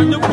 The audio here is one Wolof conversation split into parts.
ñëpp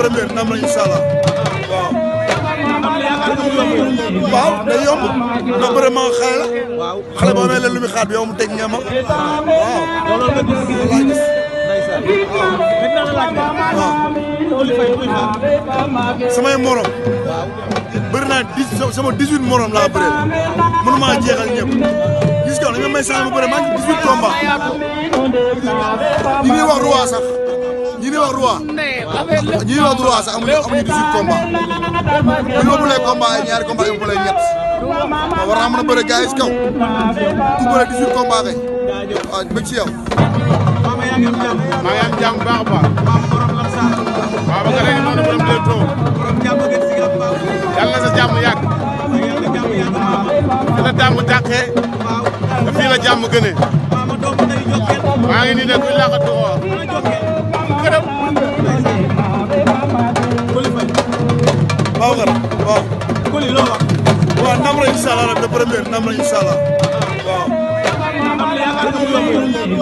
première dina am na incha allah waaw. waaw day yomb ndax vraiment xale la. xale boo amee leen lu muy xaar bi yow mu teg ñeema. waaw loolu la gis loolu laa gis. waaw. samay morom. bëri naa dix sama dix huit morom laa bëree mënuma jeexal ñëpp gis nga li nga may sànni bu bëree maa ngi dix huit combats. li ñuy wax roi sax. ñi wax roi ñi wax roi sax amuñu amuñu 18 combats bu ñu ëppalee combat ay ñaari combat yu ëppalee ñett waaw war a yi si kaw ku bëre 18 combat kay waaw bëgg ci yow. maa ngi am jàmm maa ngi am jàmm bu baax a baax. waaw ba nga léegi noonu borom na sa jàmm yàgg. fi la jàmm dàqee. te fii la jàmm gënee. maa ngi nii de kuy laaxatu ko. këram waaw xar waaw waaw ndam la incha allah de première ndam la incha allah waaw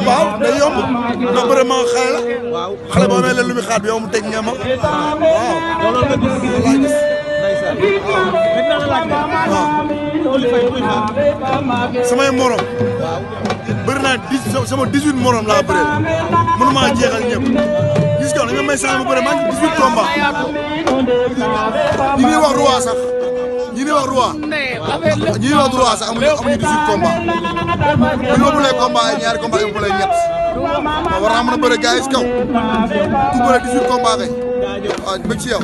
waaw day yomb na vraiment xale la xale boo amee leen lu muy xaar bi yow mu teg ñama waaw samay morom bëri naa dix sama dix huit morom laa bëree mënuma jeexal ñëpp gis nga li nga may sànni bu maa ngi dix huit combats ñi wax roi sax ñi ñuy wax roi ñi ñuy wax roi sax amuñu amuñu dix huit mën a bëri gars yi bëre dix huit ba ci yow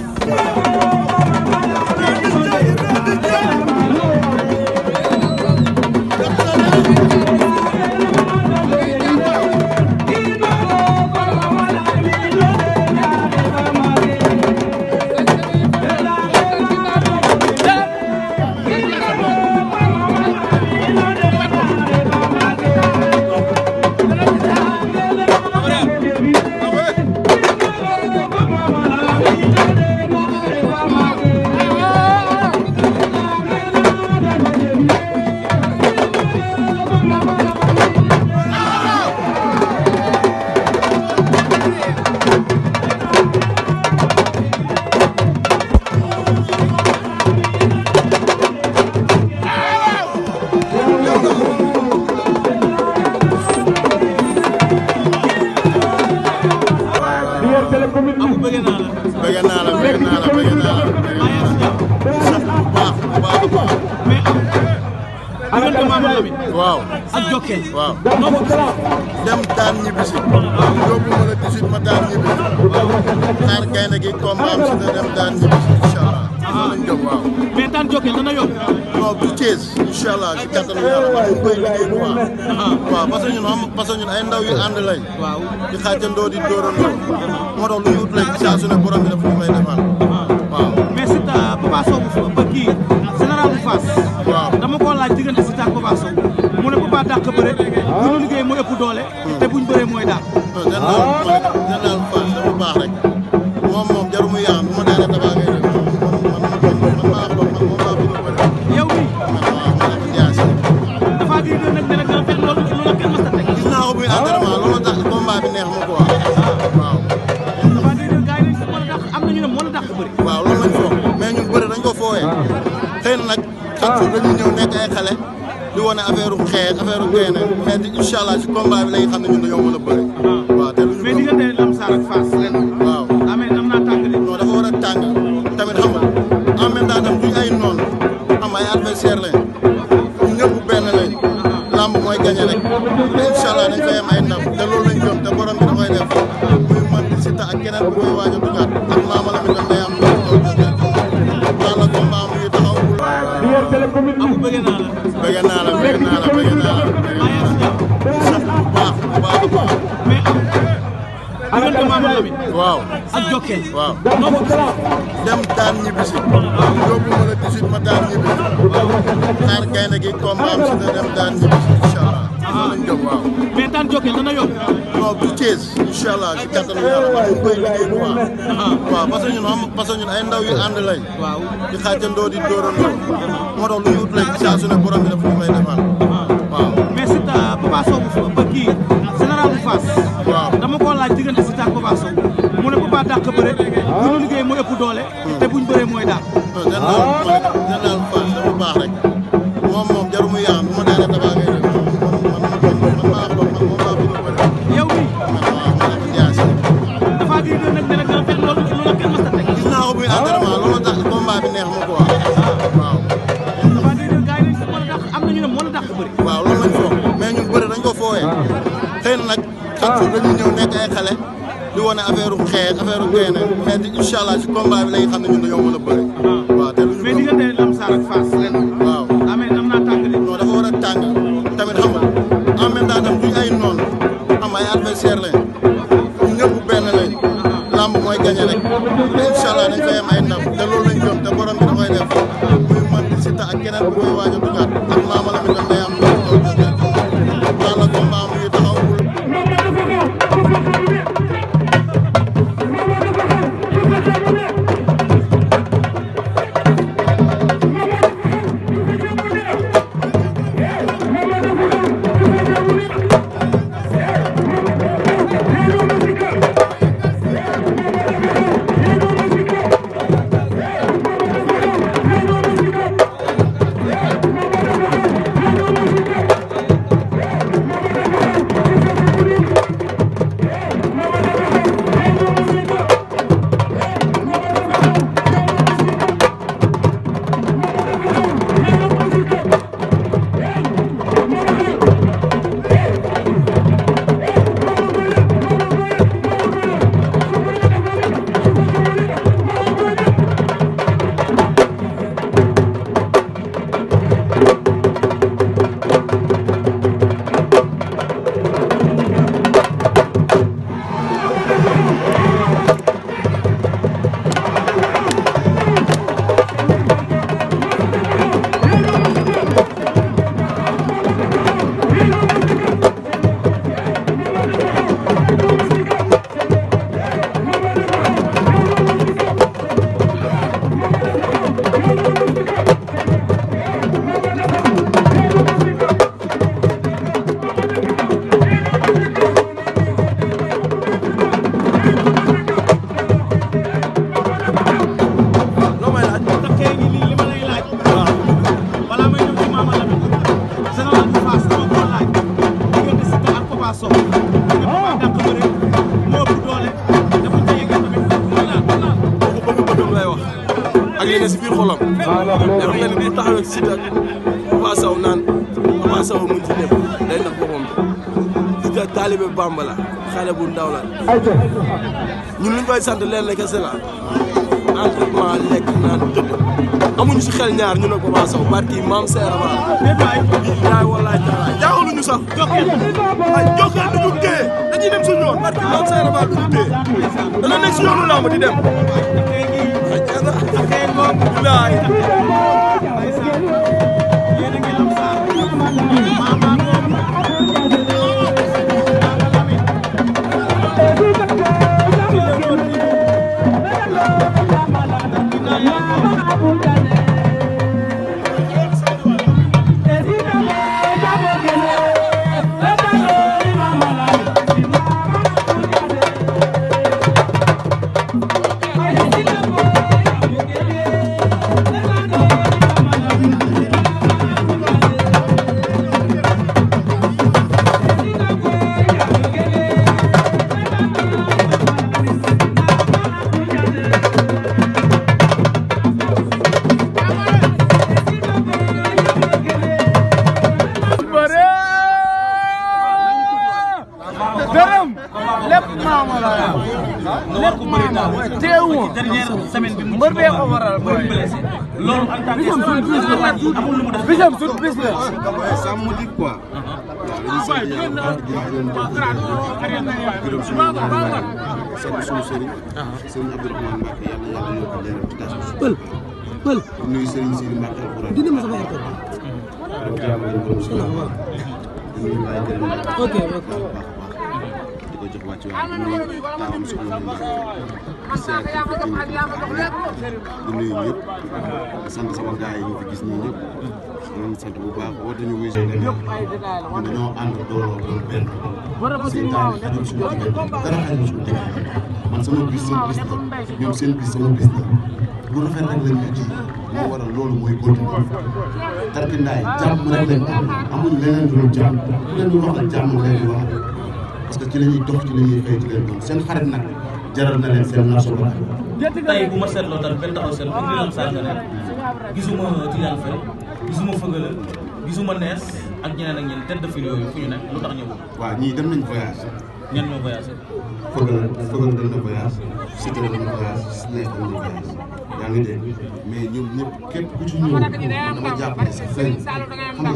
xaar gaynde gi combat am si dem daan ñibbi incha allah. ah daan jokkee dana yomb. non bu Thiès incha allah si kattanu yàlla wax waaw parce que ñun ay ndaw yu ànd lañ. waaw di xaajandoo di dóorandoo. moo tax lu wut lañ saa su ne borom bi daf ñu may defal. waaw si ta Papa bu ba kii général bu Fass. dama koo laaj diggante si ta Papa mu ne Papa dàq bëre. waaw bu liggéey mu ëpp doole. te buñ bëree mooy dàq. waaw général général Fass. incha allah ci combat bi la nga xam ne ñun dañoo mën a bëri. Uh-huh. waaw te lu ñu mais diggante Lamsar ak Fass dafa war a tàng tamit xam nga en même temps tam duñ ay noonu xam nga ay adversaire benn lañ lamb mooy gagné rek te incha allah dañ fay ay ndam te loolu lañ gëm te borom bi da koy def muy man di Siteu keneen bu koy waaj a Mbacké waaw dem daan ñibbisi yóbbu ma la 18 ma daan ñibbisi xaar gaynde gi combat si dem daan ñibbisi incha allah waaw mais daan jokkee dana yomb non du Thiès incha allah si kattanu yàlla wax koy liggéey bu waaw parce ay ndaw yu ànd lañ waaw di xaajandoo di dóorandoo moo lu ñu ut lañ ne borom bi daf ñu may defal dàq bëre bu ah. ñu liggéey moo ëpp doole hmm. te buñ bëree mooy daan hmm. ah. Ah. di wane affaire xeex affaire gaynde mais incha allah ci combat bi la nga xam ne ñun dañoo mën a bëri. Ah. waaw te lu ñu. mais diggante Lamsar ak Fass ren. waaw daa mel am naa tàng de. non dafa war a tàng tamit xam nga en même temps tam duñ ay noonu xam nga ay adversaire lañ. ak Siteu Papa Sow naan Papa Sow mën ci lépp day nax boppam Siteu taalibe Bàmba xale bu ndaw la ñun liñ koy sant leen la kese la entraînement lekk naan tëdd amuñu si xel ñaar ñu ne Papa Sow barki maam seerama bilaay wallaay taala jaaxaluñu sax jokkeel ay jokkeel duñu téye dañuy dem suñu yoon barki maam seerama duñu téye dana nekk si yoonu làmb di dem maanaam lépp maama la lépp maama teewuma mbër bee ko waral booy loolu en tant que bisam suñu bis la ça me dit quoi pël pël dina ma sama yaakaar ok ok ci wàllu di seet sama yi ñu fi gis ñii ñëpp di seen taal yi ñoom seen bis sama bis la bu rafet rek lañ ñu ji moo waral loolu mooy continuer tarkindaay jàmm rek lañ am amuñu leneen lu dul jàmm leneen lu wax la jàmm lañ wax. parce que ci la ñuy dox ci la ñuy xëy ci leen doon seen xarit nag jaral na leen seen nasu ba tey bu ma seetloo tam benn taxaw seetlu indi lam sànq ne gisuma Tidiane Faye gisuma Fëgala gisuma Nees ak ñeneen ak ñeneen tête de file yooyu fu ñu nekk lu tax ñëwul waaw ñii dem nañ voyage ñenn ñoo voyagé Fëgala Fëgala dem na voyage Siteu dem na voyage Nees dem na voyage yaa ngi dégg mais ñoom ñëpp képp ku ci ñëw dama jàpp ne sa fenn xam nga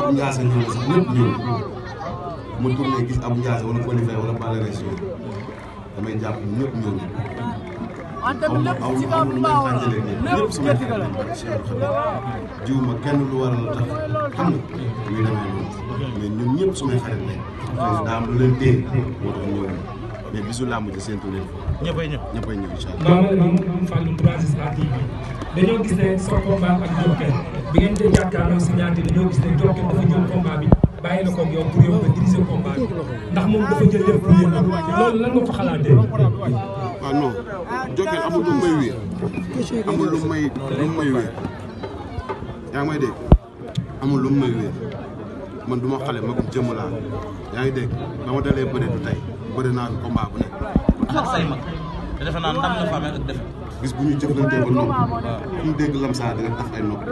ab ngaa sa ñëw sax ñëpp ñëw ma tourné gis am Ndiaye wala Coly Faye wala Balla Gaye suñu damay jàpp ñëpp ñëw ñu. amul amul lu may xàjjalee ñëpp kenn lu waral tax xam nga ñun ñëpp su may xarit lañ. président am lu leen téye moo tax ñëw mais bisu làmb ji seentu leen ko. ñëppay ñëw ñëppay ñëw incha allah. maam maam maam Fallou dañoo gis soo combat ak Diop bi ngeen di jàkkaarloo si ñaari dañoo gis ne dafa jël combat bi. bàyyi na ko yow pour yow nga diriger combat ndax moom dafa jël lépp pour yéen loolu lan nga ko xalaatee. waaw ah, non Jokal amul lu may wéer amul lu may lu may wéer yaa ngi may dégg amul lu may wéer man du ma xale magum jëmm laa yaa ngi dégg ba ma dalee bëre du tey bëri naa combat bu nekk. ndax say mag te defe naa ndam la fa amee ak defe. bis bu ñu jëflantee ba noonu fu mu dégg lamsaar dina tax ay nopp.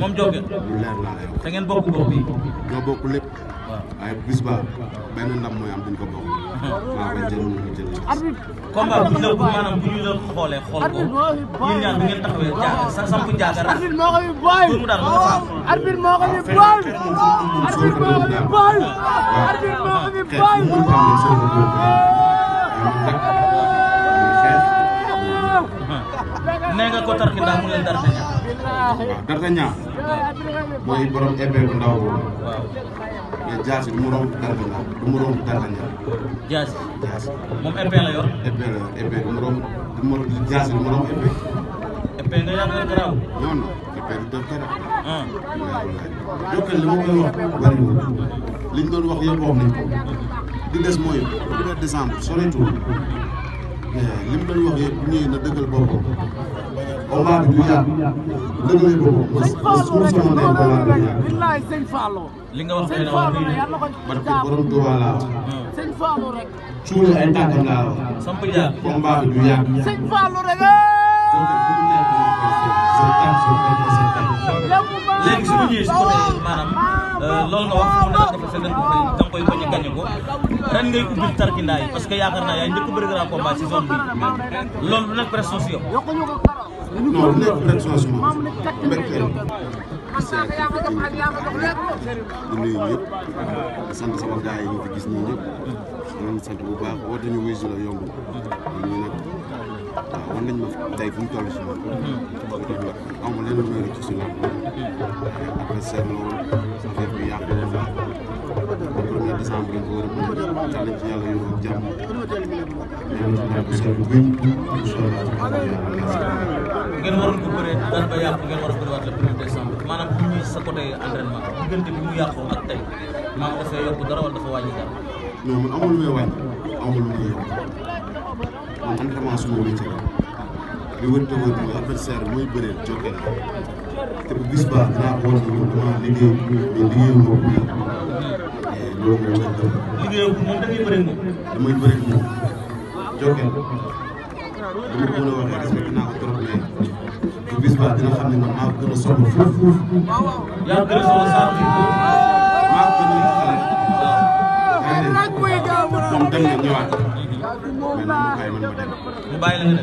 moom Jokal lu leer laa lay wax. da ngeen bokk gox bi. ñoo bokk lépp. waaye bis ba benn ndam mooy am duñ ko bokk. waaw waaye jëloon nañu jëloon. combat bu ñu la maanaam bu ñu la xoolee xool ko ñun ñaar bu ngeen taxawee jaaga sa sampu jaaga rax. arbitre moo ko ñu booy. pour mu daal moo ko saaf. arbitre moo ko ñu booy. arbitre moo ko ñu booy. arbitre moo ko ñu booy. nee nga ko tarkindaa mu leen Dardaña. waaw mooy borom épée bu ndaw boobu. waaw mais jaasi du mu romb Dardaña moom épée la yor. épée du mu du mu jaasi du mu nga yaakaar garaaw. non non épée du def garaaw. jokkal li ma koy wax bariwul liñ wax yëpp wax nañ di des mooy bu dee décembre wax yëpp bu ñëwee na dëggal boppam combat bi du yàgg dëgg la boobu parce que su ma mënee combat bi yàgg. li nga wax ne la parce que borom Touba laa wax. suuna ay tànkam laa wax. combat bi du yàgg. donc bu ñu nee léegi su ñu ñëwee si maanaam euh, loolu nga wax mu ne dafa sa dënk nga koy bañ a gañe ko ren ngay ubbil tarkindaa yi parce que yaakaar naa yaay njëkk bëri grand si zone bi loolu nekk pression si yow. non nekk sant ñu bu baax woote ñu wuyu si la yomb ñu nag waaw war nañ ma tey fu mu toll si amul lenn wéeru ci suñu après seet loolu affaire bi yàqu na fa premier décembre lañ ko war a bëgg yàlla ci yàlla yóbbu jàmm ngeen waroon ko bëree daan ba yàqu ngeen war a bëriwaat le premier décembre maanaam bu ñuy sa côté entraînement diggante bi mu yàqoo ak tey maa ngi dafay yokk dara wala dafa wàññi dara non man amul lu may wàññi amul lu may yokk man entraînement suma métier li wër te wër mooy adversaire bi mooy bëreel jokkee te bu bis baax dinaa ko wan ne dama liggéey mais liggéeyu moom bi loolu moom lañ def. liggéeyu moom dangay bëreel moom. damay bëreel moom jokkee dama ko mën a waxee respecté naa ko trop mais bu bis baax dina xam ne man maa gën a soxla foofu foofu. yaa gën a soxla saa fi maa gën a xale. yaa ngi dem moom dem na ñëwaat. mais man mu bàyyi man ma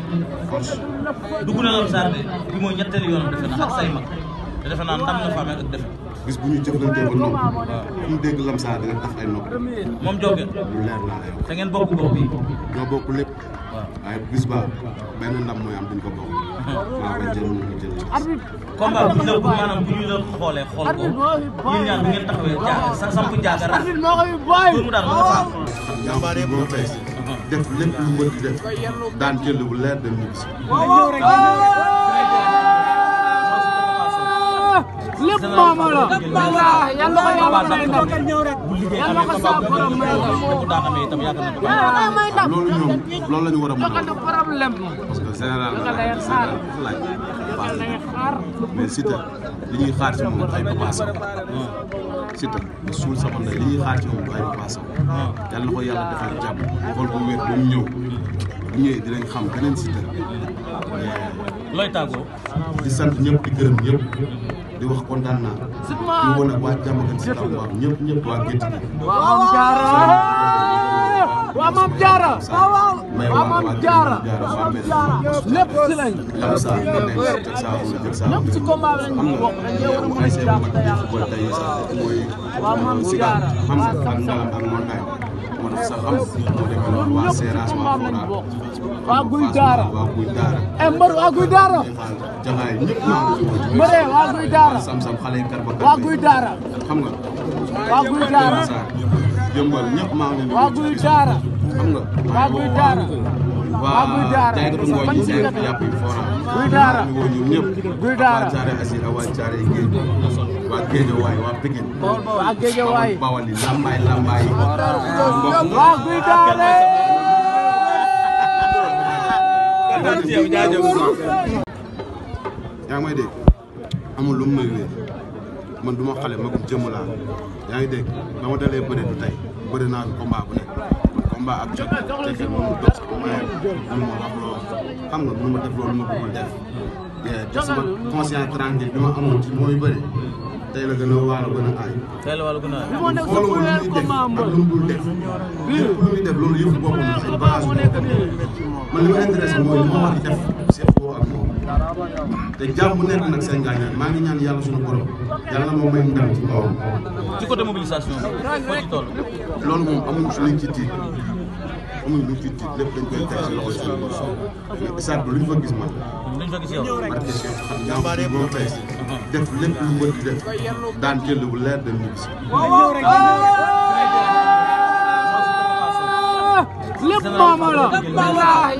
dem. mu bàyyi mooy ñetteelu yoon defe naa ak mag defe naa ndam na fa defe. bis bu ñu jëflantee ba nopp. waaw mu dégg Lamsaar dina taf moom Jokal. lu leer naa lay wax. da ngeen bokk gox bii. ñoo bokk lépp. waaye bis ba benn ndam mooy am duñ ko bokk. maa koy jël ñu ngi jël ci. combat bu ñu la maanaam bu ñu la xoolee xool ko ñun ñaar bu a def lépp lu mën di def daan jël bu leer dem ñibbi si. lépp maama la. yal na ko yàlla may ndam yal na ko saa borom may ndam. loolu ñoom loolu la ñu war a mën a parce que général laaj mais Siteu li ñuy xaar si moom ay Papa Sow ak Siteu nga suul sama ndey li ñuy xaar ci moom du ah. na ko yàlla defal jàmm xool bu wér ba ñëw bu ñëwee dinañ xam beneen Siteu. looy di sant ñëpp di gërëm ñëpp. di wax kontaan naa. ñu woon ak waa jàmm gën si Tamba ñëpp ñëpp waa Gétt gi. waaw maam Diarra waaw maam Diarra waaw maam jaara maam jaara lépp si lañ lépp si combat bi lañ bokk dañ cee war a mën a jàpp te yàlla waaw maam jaara waa sam-sam ñoom ñëpp si combat bi lañ bokk waa guy daara e mbër waa guy daara mbëree eh, waa guy daara waa guy daara waa guy daara waa guy daara xam nga. waa buy daara waa buy daara waa ñu ñëpp. buy daara waa caare asir waa caare géej waa waa Pikine. waa géej lambaay lambaay waa buy daara. yaa ngi may dégg amul lu mu may man du xale magum jëmm yaa ngi dégg ba ma dalee bëre du tey bëre naa combat bu nekk. combat ak jot te fekk mu dox ko may am ma wax loo xam nga mënu ma def loolu ma bëggul def te sama conscience tranquille amoon ci mooy bëri tey la gën a waalo gën a aay tey la waalo gën a aay xooloo lu muy def ak lu mu def lépp lu muy def loolu yëfu li ma mooy li ma a def te jàmm bu nekk nag seen gaañaan maa ngi ñaan yàlla suñu borom yàlla moom may ndam ci kawam. ci côté mobilisation bi foo ci toll. loolu moom amuñ luñ ci tiit amuñ luñ ci tiit lépp dañ koy teg ci loxo suñu borom mais isaat bi fa gis man. luñ fa gis yow. parce que moom tey def lépp lu mën di def daan jënd bu leer dem ñu gis. lépp moomoo la.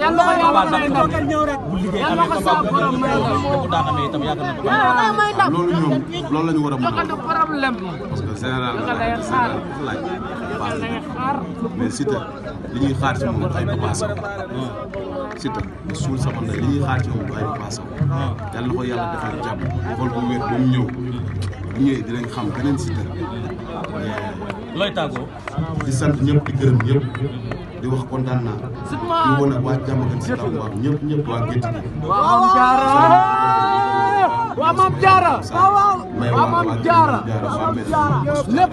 yal na ko yàlla may ndam yal na ko saa borom may ndam. loolu ñoom loolu la ñu war a mën problème. parce que général da ngay xaar da ngay xaar. mais Siteu li ñuy xaar ci moom ay Papa Sow. Siteu mu suul sama ndey li ñuy xaar ci moom ay Papa Sow. yal na ko yàlla defal jàmm xool bu wér ba mu ñëw bu ñëwee dinañ xam beneen Siteu. looy tàggoo. di sant ñëpp di gërëm ñëpp. di wax kontaan naa di woon ak waa jàmm gën si tam waaw ñëpp ñëpp waa gétt gi waa maam jaara waa maam jaara waa maam jaara lépp